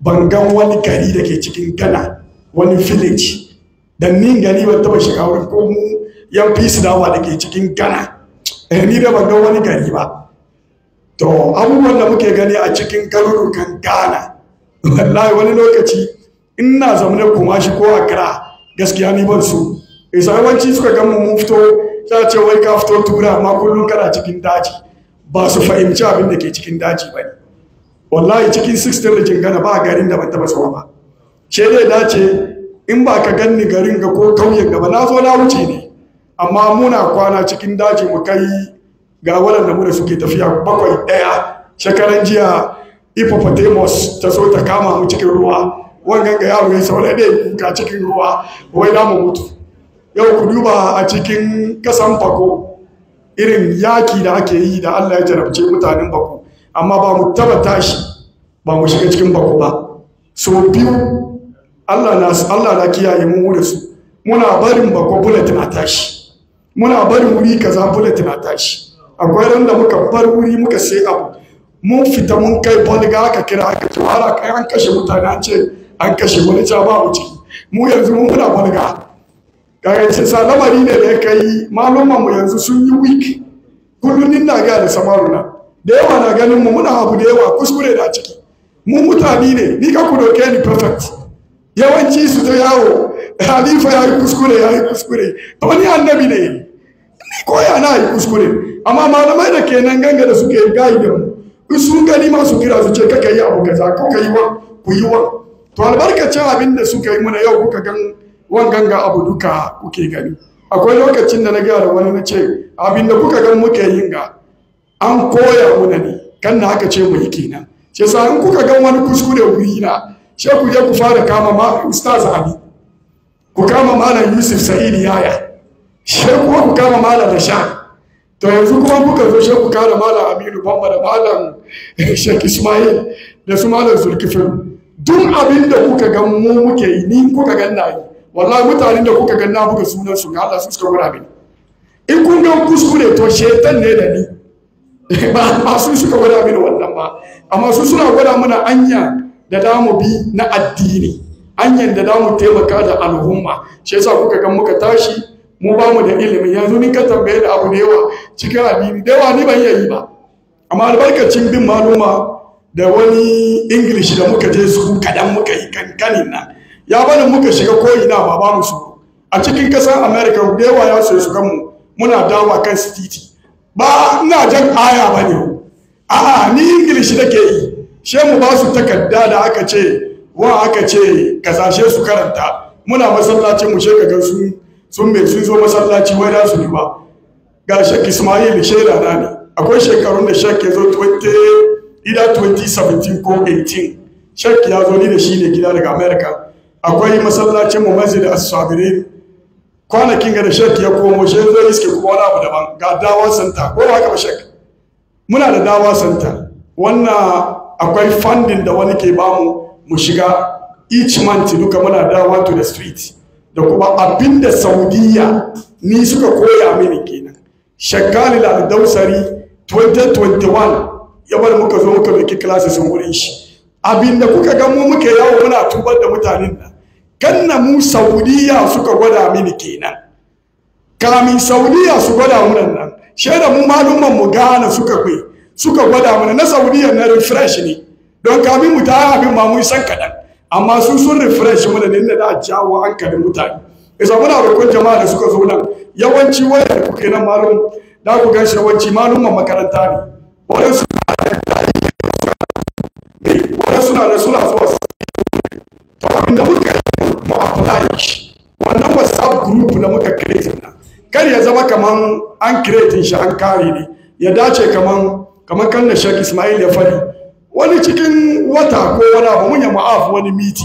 ban wani gari da ke cikin gana wani village da ni gani ba taba shiga wurin ko mu yan fisi dawa da ke cikin gana, eh ni da ban wani gari ba to abubuwan da muke gani a cikin garurukan gana, wallahi wani lokaci ina zaune kuma shi ko Accra gaskiya ni ban so isa eh, yawanci suka gan mu fito ta ce wai ka fito tura amma kullum kana cikin daji ba su fahimci abin da ke cikin daji ba ne wallahi cikin 60 rikin gana ba garin da ban taba ba ce zai dace in ba ka ganni garin ga ko kauyen gaba na zo na wuce ne amma muna kwana cikin daji mu kai ga waɗanda mu da suke tafiya bakwai ɗaya shekaran jiya hippopotamus ta so ta kama mu cikin ruwa wangan ga yaro ya saurai ne ka cikin ruwa wai na mu mutu yau ku duba a cikin kasan fako irin yaki da ake yi da allah ya jarabce mutanen bako amma ba mu taba tashi ba mu shiga cikin bako ba so biyu Allah na Allah na kiyaye mu da su muna barin bako bulletin a tashi muna barin wuri kaza bulletin a tashi akwai ran da muka bar wuri muka sai abu mun fita mun kai bolga aka kira aka ce har aka an kashe mutane an ce an kashe wani ja ba mu ciki mu yanzu mun muna bolga kaga ce sa lamari ne da ya kai malaman mu yanzu sun yi week kullun ina ga da samaruna da yawa na ganin mu muna abu da yawa kuskure da ciki mu mutane ne ni ka ku doke ni perfect yawanci su ta yawo halifa ya yi kuskure ya yi kuskure to ni annabi ne ni koya na yi kuskure amma malamai da kenan ganga da suke gayi da mu in sun gani ma su kira su ce kaka yi abu kaza ko ka yi wa ku yi wa to albarkacin abin da suka yi muna yau kuka gan wan ganga abu duka kuke gani akwai lokacin da na gaya da wani na ce abin da kuka gan muke yin ga an koya muna ne kan na aka ce mai kenan ce sa in kuka gan wani kuskure wuri na she ku je ku fara kama ma ustaz Ali ku kama malam Yusuf Sa'id yaya she ku ku kama malam Rashad to yanzu kuma kuka zo she ku kama malam Aminu Bamba da malam eh, Sheikh Ismail da su malam Zulkifin duk abin da kuka gan mu muke yi ni kuka gan na yi wallahi mutanen da kuka gan na buga sunan su ga Allah su suka gura mini in kun ga kuskure to shaytan ne da ni ba su suka gwada mini wannan ba amma su suna gwada mana anya da damu bi na addini anyan da damu taimaka da al'umma shi yasa kuka ga muka tashi mu ba mu da ilimi yanzu ni ka tambaye da abu da yawa cikin addini da yawa ni ban yi ba amma albarkacin bin maluma da wani english da muka je su kadan muka yi kankanin nan ya bani muka shiga koyi na ba ba mu su a cikin kasar america da yawa ya so su mu, muna dawa kan sititi. ba ina jan aya ba ne a'a ni ingilishi ke yi she mu ba su takarda da aka ce wa aka ce kasashe su karanta muna masallacin mu shekaga su sun mai sun zo masallaci wai da su ne ba ga shek ismail shaida na ne akwai shekarun da shek ya zo 20 ida 2017 ko 18 shek ya zo ni da shi ne gida daga america akwai masallacin mu masjid as-sabirin kwanakin ga da shek ya komo shi zai iske kuma wani abu daban ga dawa santa ko ba ka ba shek muna da dawa santa wannan akwai funding da wani ke bamu mu shiga each month duka muna dawa to the street da kuma abinda saudiya ni suka koya mini kenan shakalil al-dawsari 2021 ya bar muka zo muka doki classes wurin shi abinda kuka ga mu muke yawo muna tubar da mutanen nan kanna mu saudiya suka gwada mini kenan kamin saudiya su gwada mu nan shaida mu malumman mu gana suka kai suka gwada mu na saudiya na refresh ne don kamin mu ta abin ma mun san kadan amma su sun refresh mu da nan da jawo hankalin mutane isa muna roƙon jama'a da suka zo nan yawanci waya da kuke nan malum da ku gashi yawanci malumman makaranta ne wani suna da suna zuwa na muka kiretin na kar ya zama kaman an kiretin shi an kare ne ya dace kaman kaman kan shek ismail ya fari wani cikin wata ko wani abu mun ma'af wani miti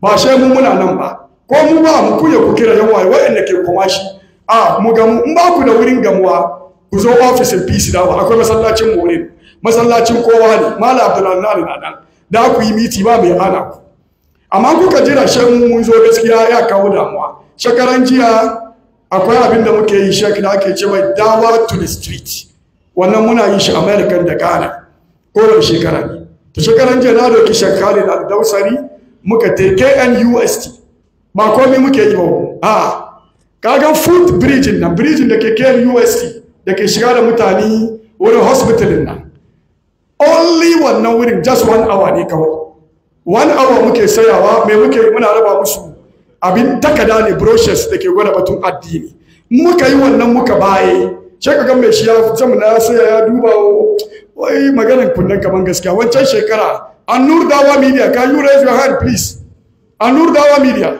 ba shi mu muna nan ba ko mu ba mu kuya ku kira yawa da ke kuma shi a mu ga mu ba ku da wurin gamuwa ku zo ofisin peace da akwai masallacin morin masallacin kowa ne mala abdullahi na nan da ku yi miti ba mai hana ku amma kuka jira shan mun zo gaskiya ya kawo damuwa shekaran jiya akwai abin da muke yi shek da ake ce mai dawa to the street wannan muna yi shi america da ghana kowane shekara ne To shekaran jiya na doki shekalin dausari muka te knust ba komai muke yi ba a kagan foot bridging na bridging da ke knust da ke shiga da mutane wurin hospitalin nan only wannan wurin just one hour ne kawai one hour muke sayawa mai muke muna raba musu abin takada ne brochures da ke gwada batun addini muka yi wannan muka baye sai ka ga mai shi ya zama na saya ya duba wai maganar kunnen kaman gaskiya wancan shekara anur dawa media can you raise your hand please anur dawa media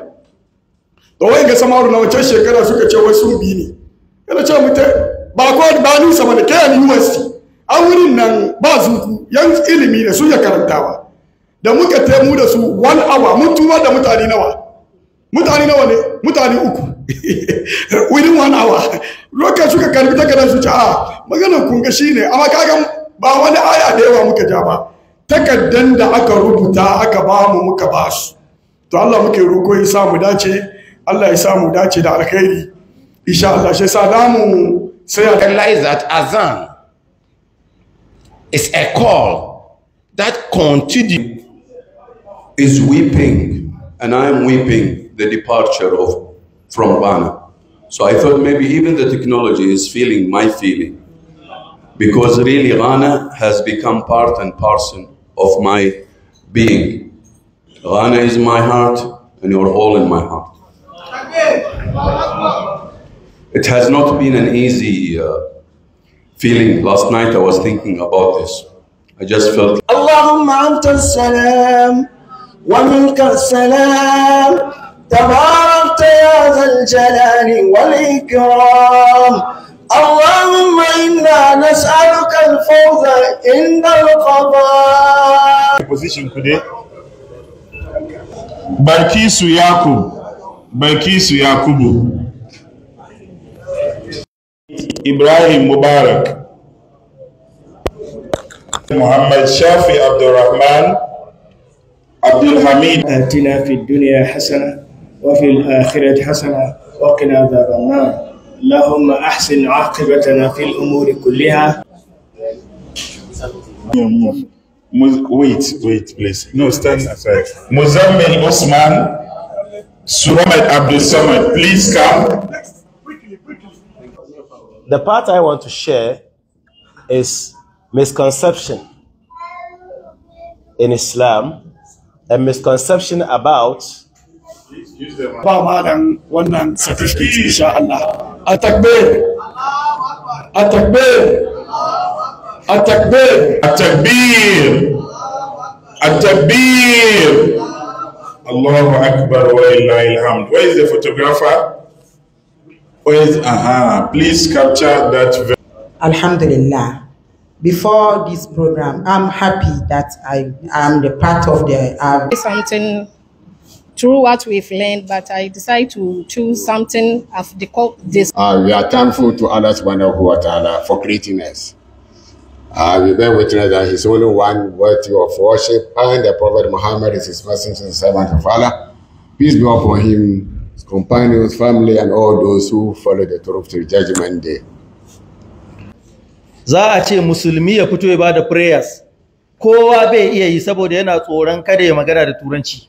da wai ga samaru na wancan shekara suka ce wai sun bi ni kana ce mutai ba ko ba ni sama da kayan university a wurin nan ba zuku yan ilimi ne sun ya karantawa da muka taimu da su one hour mun tuma da mutane nawa mutane nawa ne mutane uku within one hour lokacin suka karbi takardar su ci a ah, magana kunga ne amma kagan ba wani aya da yawa muka ja ba takaddan da aka rubuta aka ba mu muka ba su to Allah muke roko ya mu dace Allah ya mu dace da alkhairi insha Allah shi salamu damu sai a realize that azan is a call that continue is weeping and I am weeping the departure of from Ghana. So I thought maybe even the technology is feeling my feeling because really Ghana has become part and parcel of my being. Ghana is my heart and you're all in my heart. It has not been an easy uh, feeling. Last night I was thinking about this. I just felt Allahumma anta salam wa minka salam تباركت يا ذا الجلال والإكرام اللهم إنا نسألك الفوز عند القضاء position today Barkisu ياكوب إبراهيم مبارك محمد شافي عبد الرحمن عبد الحميد آتنا في الدنيا حسنه وفي الآخرة حسنة وقنا عذاب النار اللهم أحسن عاقبتنا في الأمور كلها Wait, wait, please. No, stand aside. Muzammil Osman, Suramed Abdul Samad, please come. The part I want to share is misconception in Islam, a misconception about ba malam wannan certificate insha Allah a takbir a takbir a takbir a takbir a takbir Allahu akbar wa lillahi alhamd where is the photographer where is aha uh -huh. please capture that alhamdulillah before this program i'm happy that i am the part of the uh, something through what we've learned, but I decided to choose something of the call this. Uh, we are thankful to Allah subhanahu wa ta'ala for creating us. Uh, we bear witness that He's only one worthy of worship, and the Prophet Muhammad is His messenger and servant of Allah. Peace be upon him, his companions, family, and all those who follow the truth to judgment day. Za a ce musulmi ya fito ya bada prayers. Kowa bai iya yi saboda yana tsoron kada ya magana da turanci.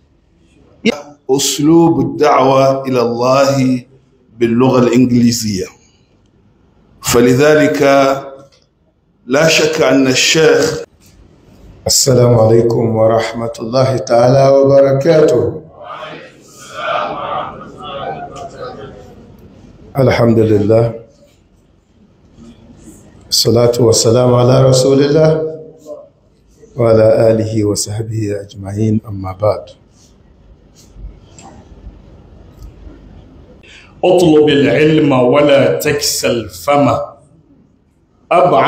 أسلوب الدعوة إلى الله باللغة الإنجليزية فلذلك لا شك أن الشيخ السلام عليكم ورحمة الله تعالى وبركاته الحمد لله الصلاة والسلام على رسول الله وعلى آله وصحبه أجمعين أما بعد اطلب العلم ولا تكسل فما أبعد